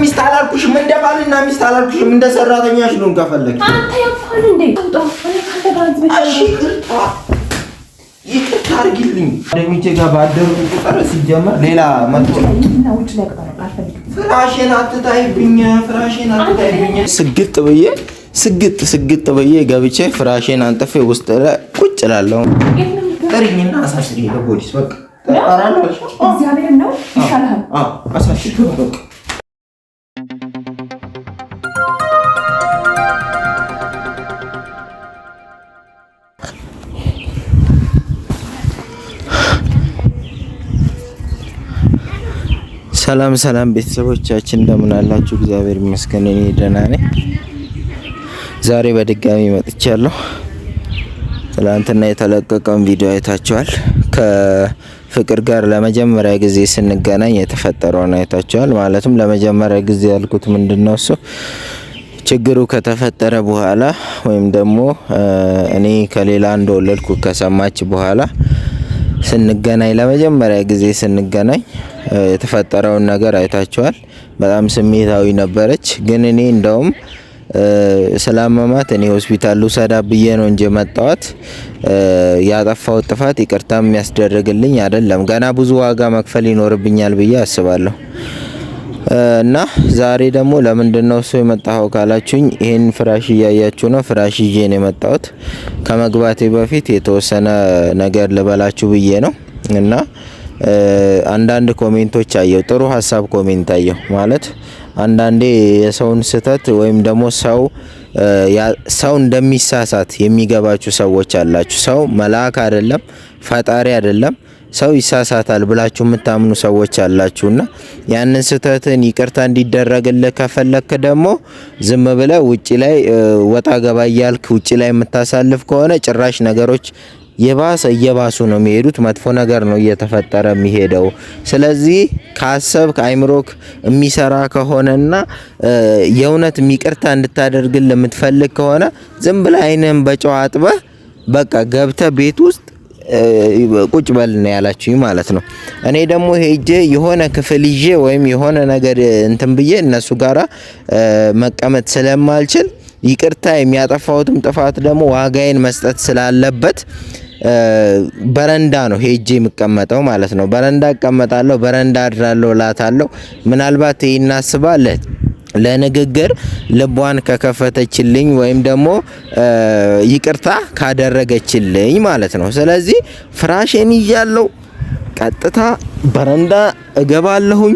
ሚስት አላልኩሽም፣ እንደ ባልና ሚስት አላልኩሽም፣ እንደ ሰራተኛሽ ነው። አንተ እንዴ ይቅርታ አድርጊልኝ። ደሚቼ ጋር ባደሩ ሲጀመር ሌላ መጥቶ ፍራሽን አትታይብኝ፣ ፍራሽን አትታይብኝ። ስግጥ ብዬ ስግጥ ስግጥ ብዬ ገብቼ ፍራሽን አንጥፌ ውስጥ ላይ ቁጭ እላለሁ። ጥሪኝና አሳስሪ ለፖሊስ በቃ። ሰላም ሰላም ቤተሰቦቻችን እንደምን አላችሁ? እግዚአብሔር ይመስገን እኔ ደህና ነኝ። ዛሬ በድጋሚ መጥቻለሁ። ትላንትና የተለቀቀውን ቪዲዮ አይታችኋል። ከፍቅር ጋር ለመጀመሪያ ጊዜ ስንገናኝ የተፈጠረውን አይታችኋል። ማለትም ለመጀመሪያ ጊዜ ያልኩት ምንድነው እሱ ችግሩ ከተፈጠረ በኋላ ወይም ደግሞ እኔ ከሌላ እንደወለድኩ ከሰማች በኋላ ስንገናኝ ለመጀመሪያ ጊዜ ስንገናኝ የተፈጠረውን ነገር አይታችኋል። በጣም ስሜታዊ ነበረች። ግን እኔ እንደውም ስላመማት እኔ ሆስፒታል ልውሰዳ ብዬ ነው እንጂ መጣዋት ያጠፋው ጥፋት ይቅርታ የሚያስደርግልኝ አይደለም። ገና ብዙ ዋጋ መክፈል ይኖርብኛል ብዬ አስባለሁ። እና ዛሬ ደግሞ ለምንድን ነው እሱ የመጣኸው ካላችሁኝ፣ ይህን ፍራሽ እያያችሁ ነው። ፍራሽ ይዤ ነው የመጣሁት። ከመግባቴ በፊት የተወሰነ ነገር ልበላችሁ ብዬ ነው እና አንዳንድ ኮሜንቶች አየሁ። ጥሩ ሀሳብ ኮሜንት አየሁ ማለት አንዳንዴ የሰውን ስህተት ወይም ደግሞ ሰው ሰው እንደሚሳሳት የሚገባችሁ ሰዎች አላችሁ። ሰው መልአክ አይደለም፣ ፈጣሪ አይደለም። ሰው ይሳሳታል ብላችሁ የምታምኑ ሰዎች አላችሁና ያንን ስህተትን ይቅርታ እንዲደረግልህ ከፈለክ ደግሞ ዝም ብለ ውጭ ላይ ወጣ ገባ እያልክ ውጭ ላይ የምታሳልፍ ከሆነ ጭራሽ ነገሮች የባሰ እየባሱ ነው የሚሄዱት። መጥፎ ነገር ነው እየተፈጠረ የሚሄደው። ስለዚህ ካሰብ ከአይምሮክ የሚሰራ ከሆነና የእውነት ይቅርታ እንድታደርግልህ የምትፈልግ ከሆነ ዝም ብለ አይንህን በጨዋ አጥበህ በቃ ገብተህ ቤት ውስጥ ቁጭ በል ነው ያላችሁኝ ማለት ነው። እኔ ደግሞ ሄጄ የሆነ ክፍል ይዤ ወይም የሆነ ነገር እንትን ብዬ እነሱ ጋራ መቀመጥ ስለማልችል ይቅርታ የሚያጠፋሁትም ጥፋት ደግሞ ዋጋዬን መስጠት ስላለበት በረንዳ ነው ሄጄ የምቀመጠው ማለት ነው። በረንዳ እቀመጣለሁ፣ በረንዳ አድራለሁ፣ ላታለሁ። ምናልባት ይህ አስባለት ለንግግር ልቧን ከከፈተችልኝ ወይም ደግሞ ይቅርታ ካደረገችልኝ ማለት ነው። ስለዚህ ፍራሽን ይዣለሁ፣ ቀጥታ በረንዳ እገባለሁኝ።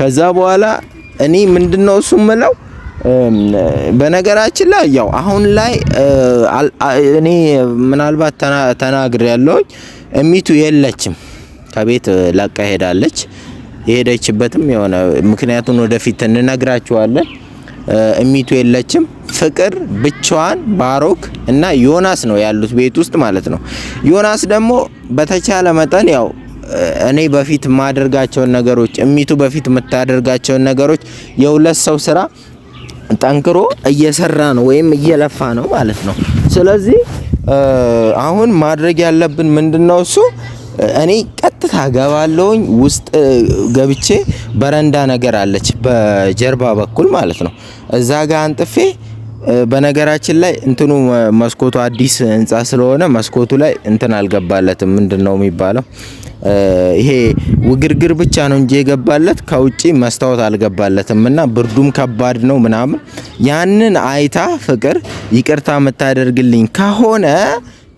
ከዛ በኋላ እኔ ምንድነው እሱ ምለው በነገራችን ላይ ያው አሁን ላይ እኔ ምናልባት ተናግሬ ያለሁኝ እሚቱ የለችም፣ ከቤት ለቃ ሄዳለች። የሄደችበትም የሆነ ምክንያቱን ወደፊት እንነግራችኋለን። እሚቱ የለችም። ፍቅር ብቻዋን፣ ባሮክ እና ዮናስ ነው ያሉት ቤት ውስጥ ማለት ነው። ዮናስ ደግሞ በተቻለ መጠን ያው እኔ በፊት የማደርጋቸውን ነገሮች እሚቱ በፊት የምታደርጋቸውን ነገሮች የሁለት ሰው ስራ ጠንክሮ እየሰራ ነው ወይም እየለፋ ነው ማለት ነው። ስለዚህ አሁን ማድረግ ያለብን ምንድን ነው እሱ እኔ ቀጥታ ገባለውኝ ውስጥ ገብቼ በረንዳ ነገር አለች በጀርባ በኩል ማለት ነው። እዛ ጋር አንጥፌ በነገራችን ላይ እንትኑ መስኮቱ አዲስ ህንፃ ስለሆነ መስኮቱ ላይ እንትን አልገባለትም። ምንድን ነው የሚባለው? ይሄ ውግርግር ብቻ ነው እንጂ የገባለት ከውጪ መስታወት አልገባለትም። እና ብርዱም ከባድ ነው ምናምን። ያንን አይታ ፍቅር ይቅርታ የምታደርግልኝ ከሆነ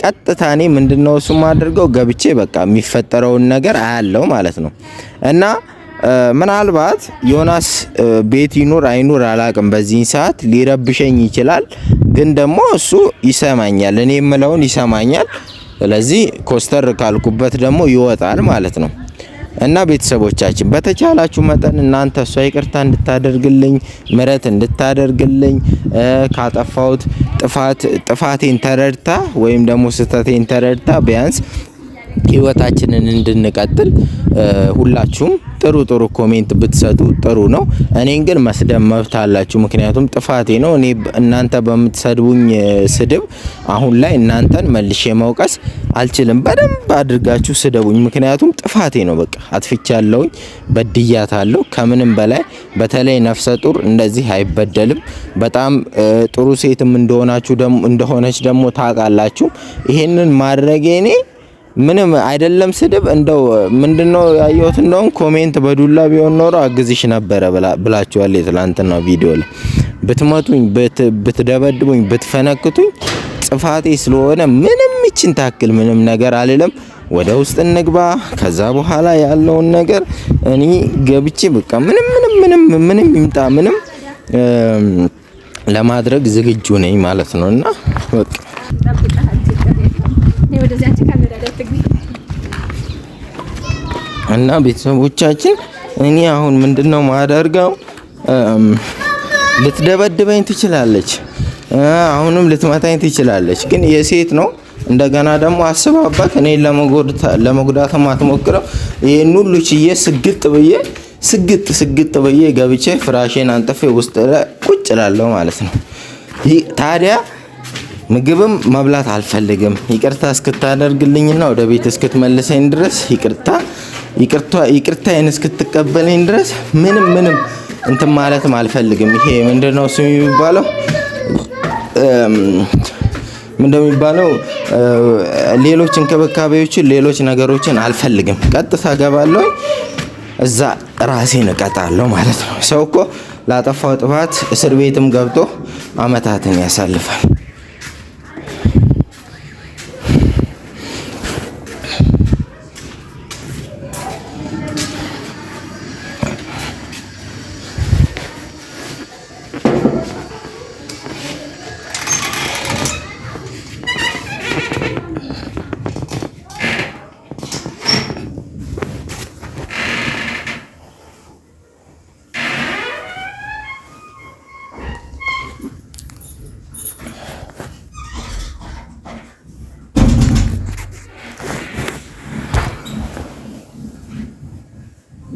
ቀጥታ እኔ ምንድነው እሱ ማድርገው ገብቼ በቃ የሚፈጠረውን ነገር አያለው ማለት ነው። እና ምናልባት ዮናስ ቤት ይኑር አይኑር አላቅም፣ በዚህን ሰዓት ሊረብሸኝ ይችላል። ግን ደግሞ እሱ ይሰማኛል፣ እኔ የምለውን ይሰማኛል። ስለዚህ ኮስተር ካልኩበት ደግሞ ይወጣል ማለት ነው። እና ቤተሰቦቻችን በተቻላችሁ መጠን እናንተ እሷ ይቅርታ እንድታደርግልኝ ምረት እንድታደርግልኝ ካጠፋሁት ጥፋት ጥፋቴን ተረድታ ወይም ደግሞ ስህተቴን ተረድታ ቢያንስ ህይወታችንን እንድንቀጥል ሁላችሁም ጥሩ ጥሩ ኮሜንት ብትሰጡ ጥሩ ነው። እኔን ግን መስደብ መብት አላችሁ፣ ምክንያቱም ጥፋቴ ነው። እኔ እናንተ በምትሰድቡኝ ስድብ አሁን ላይ እናንተን መልሼ መውቀስ አልችልም። በደንብ አድርጋችሁ ስደቡኝ፣ ምክንያቱም ጥፋቴ ነው። በቃ አጥፍቻለሁኝ፣ በድያታለሁ። ከምንም በላይ በተለይ ነፍሰ ጡር እንደዚህ አይበደልም። በጣም ጥሩ ሴትም እንደሆናችሁ እንደሆነች ደግሞ ታውቃላችሁ። ይሄንን ማድረጌ እኔ ምንም አይደለም ስድብ። እንደው ምንድነው ያየሁት፣ እንደውም ኮሜንት በዱላ ቢሆን ኖሮ አግዝሽ ነበረ ብላችኋል። የትላንትና ቪዲዮ ላይ ብትመቱኝ፣ ብትደበድቡኝ፣ ብትፈነክቱኝ ጥፋቴ ስለሆነ ምንም ይችን ታክል ምንም ነገር አልልም። ወደ ውስጥ እንግባ። ከዛ በኋላ ያለውን ነገር እኔ ገብቼ በቃ ምንም ምንም ምንም ምንም ይምጣ ምንም ለማድረግ ዝግጁ ነኝ ማለት ነውና በቃ እና ቤተሰቦቻችን እኔ አሁን ምንድነው ማደርገው? ልትደበድበኝ ትችላለች፣ አሁንም ልትመታኝ ትችላለች። ግን የሴት ነው። እንደገና ደግሞ አስባባት እኔ ለመጉዳት አትሞክረው። ይህን ሁሉ ችዬ ስግጥ ብዬ ስግጥ ስግጥ ብዬ ገብቼ ፍራሽን አንጥፌ ውስጥ ቁጭ ማለት ነው። ታዲያ ምግብም መብላት አልፈልግም። ይቅርታ እስክታደርግልኝና ወደ ቤት እስክትመልሰኝ ድረስ ይቅርታ ይቅርታዬን እስክትቀበለኝ ድረስ ምንም ምንም እንትን ማለትም አልፈልግም። ይሄ ምንድነው ስም የሚባለው እንደሚባለው ሌሎች እንክብካቤዎችን ሌሎች ነገሮችን አልፈልግም። ቀጥታ ገባለሁ፣ እዛ ራሴን እቀጣለሁ ማለት ነው። ሰው እኮ ላጠፋው ጥፋት እስር ቤትም ገብቶ አመታትን ያሳልፋል።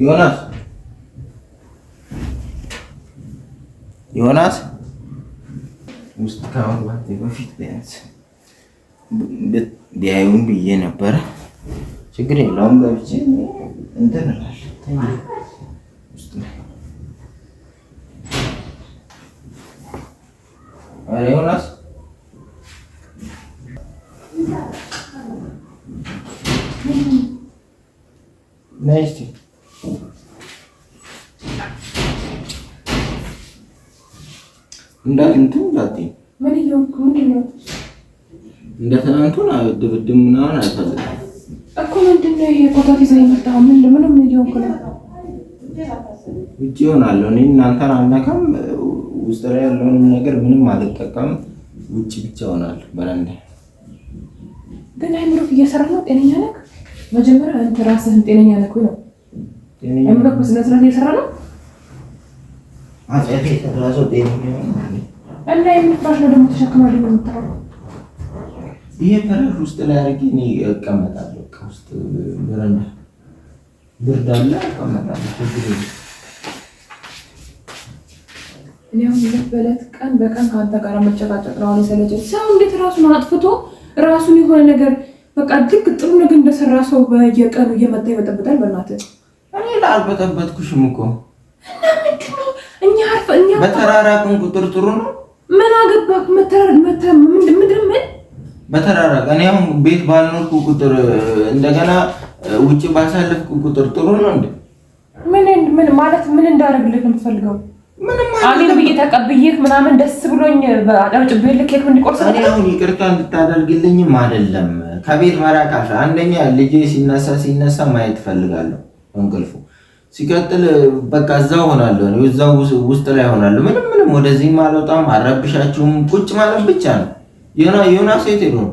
ዮናስ ዮናስ ውስጥ ከመግባት በፊት ቢያንስ ብዬ ነበረ። ችግር የለውም ገብቼ እንትን እላለሁ። ዮናስ ነይ እስኪ እንዳ እንትን እንዳት ምን ይሁን እንደ ትናንቱ ድብድብ ምናምን አልፈልግም እኮ ምንድነው? የፎቶ ዲዛይን መጣሁ። ምን ምንም ይሁን ከላ ውጭ ይሆናል። እኔ እናንተን አናውቅም። ውስጥ ላይ ያለውን ነገር ምንም አልጠቀምም። ውጭ ብቻ ይሆናል። በረንዳ ግን አይምሮክ እየሰራ ነው። ጤነኛ ነህ? መጀመሪያ አንተ ራስህን ጤነኛ ነህ ወይ ነው? አይምሮክ ስነ ስርዓት እየሰራ ነው እና የሚባል ይሄ ፈረድ ውስጥ ላይ አድርጌ እኔ እቀመጣለሁ። ውስጥ በረንዳ ብርድ አለ እቀመጣለሁ። እኔ አሁን በዕለት ቀን በቀን ከአንተ ጋር መጨቃጨቅ ነው የሰለቸኝ። ሰው እንዴት ራሱን አጥፍቶ ራሱን የሆነ ነገር በቃ ልክ ጥሩ ነገር እንደሰራ ሰው በየቀኑ እየመጣ ይበጠብጣል። በእናትህ እኔ ላልበጠበጥኩሽም እኮ በተራራቅን ቁጥር ጥሩ ነው። ምን አገባክ? በተራራቅ እኔ አሁን ቤት ባልኖርኩ ቁጥር እንደገና ውጭ ባሳለፍኩ ቁጥር ጥሩ ነው። እንደ ምን ማለት ምን እንዳደርግልህ ነው የምትፈልገው? አሜን ብዬ ተቀብዬህ ምናምን ደስ ብሎኝ አጨብጭቤልህ ኬክ እንዲቆርስ እኔ አሁን ይቅርታ እንድታደርግልኝም አይደለም ከቤት መራቅ አንደኛ ልጄ ሲነሳ ሲነሳ ማየት እፈልጋለሁ እንቅልፉ ሲቀጥል በቃ እዛው ሆናለሁ፣ እዛው ውስጥ ላይ ሆናለሁ። ምንም ምንም ወደዚህ አልወጣም፣ አረብሻችሁም ቁጭ ማለት ብቻ ነው። ዮናስ ሴት ሄዶ ነው?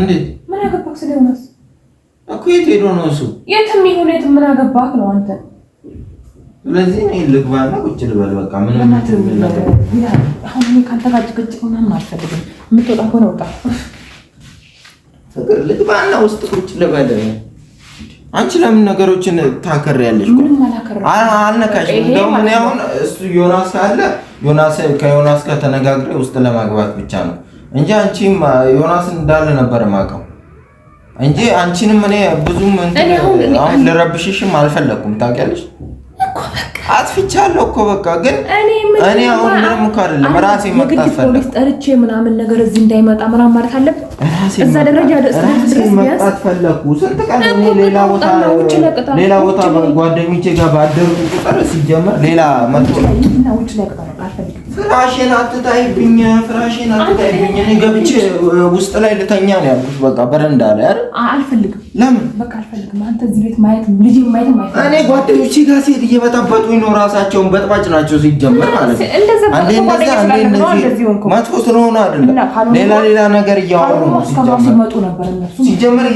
እንዴት ምን ሄዶ ነው እሱ? የትም ይሁን የት ምን አገባክ ነው አንተ። ስለዚህ እኔ ልግባና ቁጭ ልበል በቃ። ምን አሁን ከአንተ ጋር ጭቅጭቅ የምትወጣ ከሆነ ወጣ ፍቅር ልግባና ውስጥ ቁጭ ልበል። አንቺ ለምን ነገሮችን ታከሪያለሽ? አልነካሽ። እንደውም እኔ አሁን እሱ ዮናስ ካለ ዮናስ ከዮናስ ጋር ተነጋግሬ ውስጥ ለማግባት ብቻ ነው እንጂ አንቺም ዮናስን እንዳለ ነበር የማውቀው እንጂ አንቺንም እኔ ብዙም አሁን ልረብሽሽም አልፈለኩም። ታውቂያለሽ አጥፍቻለሁ እኮ በቃ ግን እኔ አሁን ምንም እኮ አይደለም። ራሴ መቅጣት ፖሊስ ጠርቼ ምናምን ነገር እዚህ እንዳይመጣ ምናምን ማለት አለብን። እዛ ደረጃ መቅጣት ፈለኩ። ስንት ቀን ሌላ ቦታ ሌላ ቦታ ጓደኞቼ ጋር ባደሩ ቁጥር ሲጀመር ሌላ መጥቶ ፍራሽን አትታይብኝ፣ ፍራሽን አትታይብኝ። እኔ ገብቼ ውስጥ ላይ ልተኛ ነው ያልኩሽ። በቃ በረንዳ ላይ አይደል? አልፈልግም። ለምን? በቃ አልፈልግም። አንተ እዚህ ቤት ማየት ልጅ ማየት ማለት እኔ ጓደኞቼ ጋር ሴት እየበጣበጡኝ ነው። ራሳቸውን በጥባጭ ናቸው ሲጀመር ማለት ነው። አንዴ አንዴ እንደዚህ መጥፎ ስለሆነ አይደለም፣ ሌላ ሌላ ነገር እያወሩ ነው ሲጀመር፣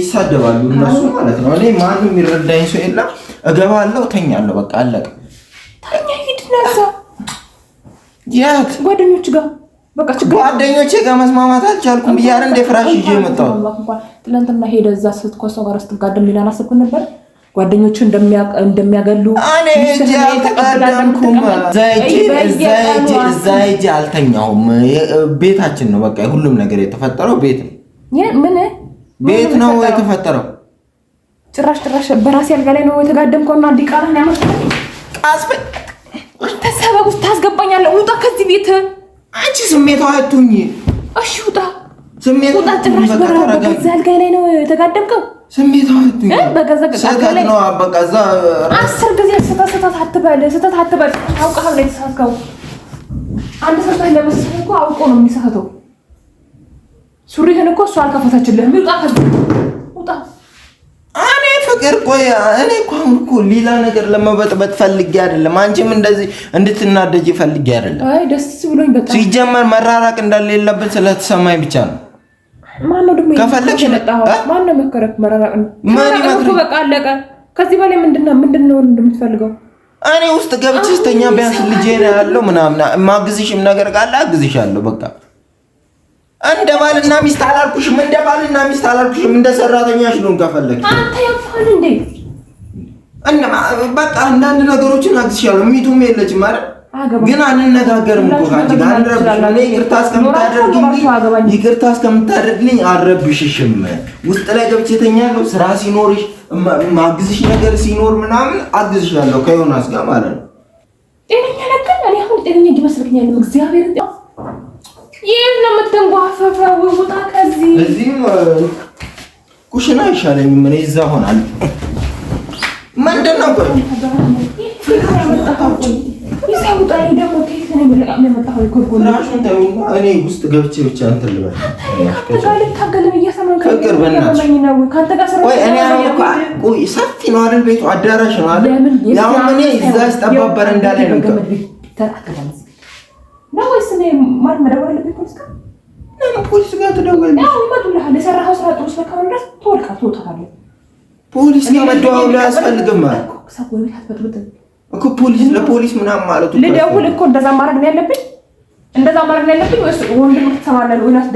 ይሳደባሉ እነሱ ማለት ነው። እኔ ማንም የሚረዳኝ ሰው የለም። እገባለሁ፣ ተኛለሁ። በቃ አለቀ። ተኛ፣ ሂድ ነዛ የት ጓደኞች ጋር በቃ ችግር ጓደኞቼ ጋር መስማማት አልቻልኩም አይደል? እንደ ፍራሽ ይዤ መጣሁ። ትናንትና እዛ ጋር ስትጋደም ነበር። ጓደኞቹ እንደሚያገሉ እኔ እዛ ቤታችን ነው በቃ ሁሉም ነገር የተፈጠረው ቤት ነው። ምን ቤት ነው የተፈጠረው? ጭራሽ ጭራሽ በራሴ አልጋ ላይ ነው አንተ ሰበብ ውስጥ ታስገባኛለህ። ውጣ ከዚህ ቤት አንቺ። ስሜቷ አትሁኝ። እሺ ውጣ። ስሜቷ ጭራሽ አልጋ ላይ ነው የተጋደምከው። አስር ጊዜ ስህተት ስህተት አትበል፣ ስህተት አትበል። አውቀሃል ነው የተሳሳትከው። አንድ ሰው ላይ እኮ አውቆ ነው የሚሳሳተው። ሱሪህን እኮ እሷ አልከፈተችልህም። ውጣ ከዚህ ውጣ። ነገር ቆይ፣ እኔ እኮ አሁን እኮ ሌላ ነገር ለመበጥበጥ ፈልጌ አይደለም። አንቺም እንደዚህ እንድትናደጅ ፈልጌ አይደለም። አይ ደስ ብሎኝ በጣም ሲጀመር መራራቅ እንደሌለብን ስለተሰማኝ ብቻ ነው። ማነው ደግሞ ከፈለግሽ ማነው መከረክ መራራቅ ነው በቃ አለቀ። ከዚህ በላይ ምንድነው ምንድነው እንደምትፈልገው? እኔ ውስጥ ገብቼ ስተኛ ቢያንስ ልጄ ነው ያለው ምናምን ማግዝሽም ነገር ካለ አግዝሻለሁ በቃ እንደ ባልና ሚስት አላልኩሽም? እንደ ባልና ሚስት አላልኩሽም? እንደ ሰራተኛሽ ነው ከፈለግሽ። አንተ ያፋን እንዴ እና በቃ አንዳንድ ነገሮችን አግዝሻለሁ። ሚቱም የለችም ማለት ግን አንነጋገርም እኮ ካንቺ ጋር አንረብሽም። እኔ ይቅርታ እስከምታደርግልኝ ይቅርታ እስከምታደርግልኝ አልረብሽሽም። ውስጥ ላይ ገብቼ ተኛለሁ። ስራ ሲኖርሽ ማግዝሽ ነገር ሲኖር ምናምን አግዝሻለሁ ከዮናስ ጋር ማለት ነው። ጤነኛ ነገር እኔ አሁን ጤነኛ ይመስልኛል እግዚአብሔር ይህን ነው የምትንጓፈፈው? ውጣ ከዚህ። እዚህም ኩሽና አይሻለኝም። እኔ እዛ ሆናል። ምንድን ነው እኔ ውስጥ ገብቼ ብቻ እንትን ልበል። ሰፊ ነው አይደል? ቤቱ አዳራሽ ነው አይደል? ያው እኔ እዛ ጠባብ በረንዳ ነው ነው ወይስ እኔ ማን መደወል አለብኝ? ፖሊስ ጋር ለምን ፖሊስ ጋር ትደውላለህ? ያው ይመጡልሃል። የሰራኸው ስራ ጥሩ ስለካሆነ ድረስ ትወድቃ ትወጣታለህ። ፖሊስ ጋር መደዋወል አያስፈልግም አልኩ እኮ ፖሊስ ለፖሊስ ምናምን ማለቱ ልደውል እኮ እንደዛ ማድረግ ነው ያለብኝ እንደዛ ማድረግ ነው ያለብኝ ወይስ ወንድም ትሰማለህ ወይ ናት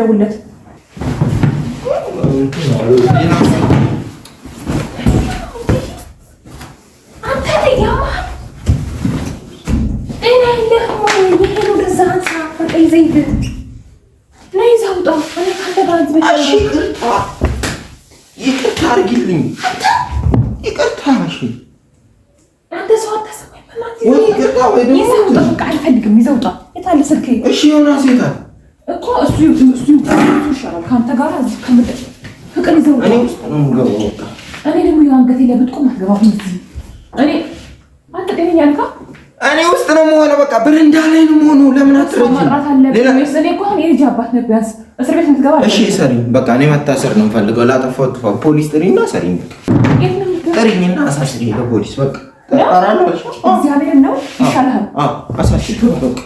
ቀይ ዘይት ነይ ይዛ ውጣ። እኔ ካንተ ጋር እዚህ ብቻ ይቅርታ ይቅርታ አድርጊልኝ። ይቅርታ እሺ። አንተ ሰው አታሰማኝ። ወይ ይቅርታ ወይ ደግሞ ይዛ በቃ አልፈልግም። ይዛ ውጣ። የት እሺ ዮናስ የት እኮ? እሱ እሱ ይሻላል ካንተ ጋር እዚህ ከምደ ፍቅር ይዘው እኔ ውስጥ ነው ደግሞ የአንገቴ ላይ ብትቆም እዚህ እኔ አንተ ጤነኛ አልካ እኔ ውስጥ ነው የምሆነው። በቃ ብርንዳ ላይ ነው የምሆነው። ለምን አትረጂም? እሺ ሰሪኝ፣ በቃ እኔ መታሰር ነው የምፈልገው። ላጠፋው ጥፋ ፖሊስ ጥሪና ሰሪኝ፣ ጥሪኝና አሳስሪ ለፖሊስ በቃ ነው ይሻላል። አሳስሪ በቃ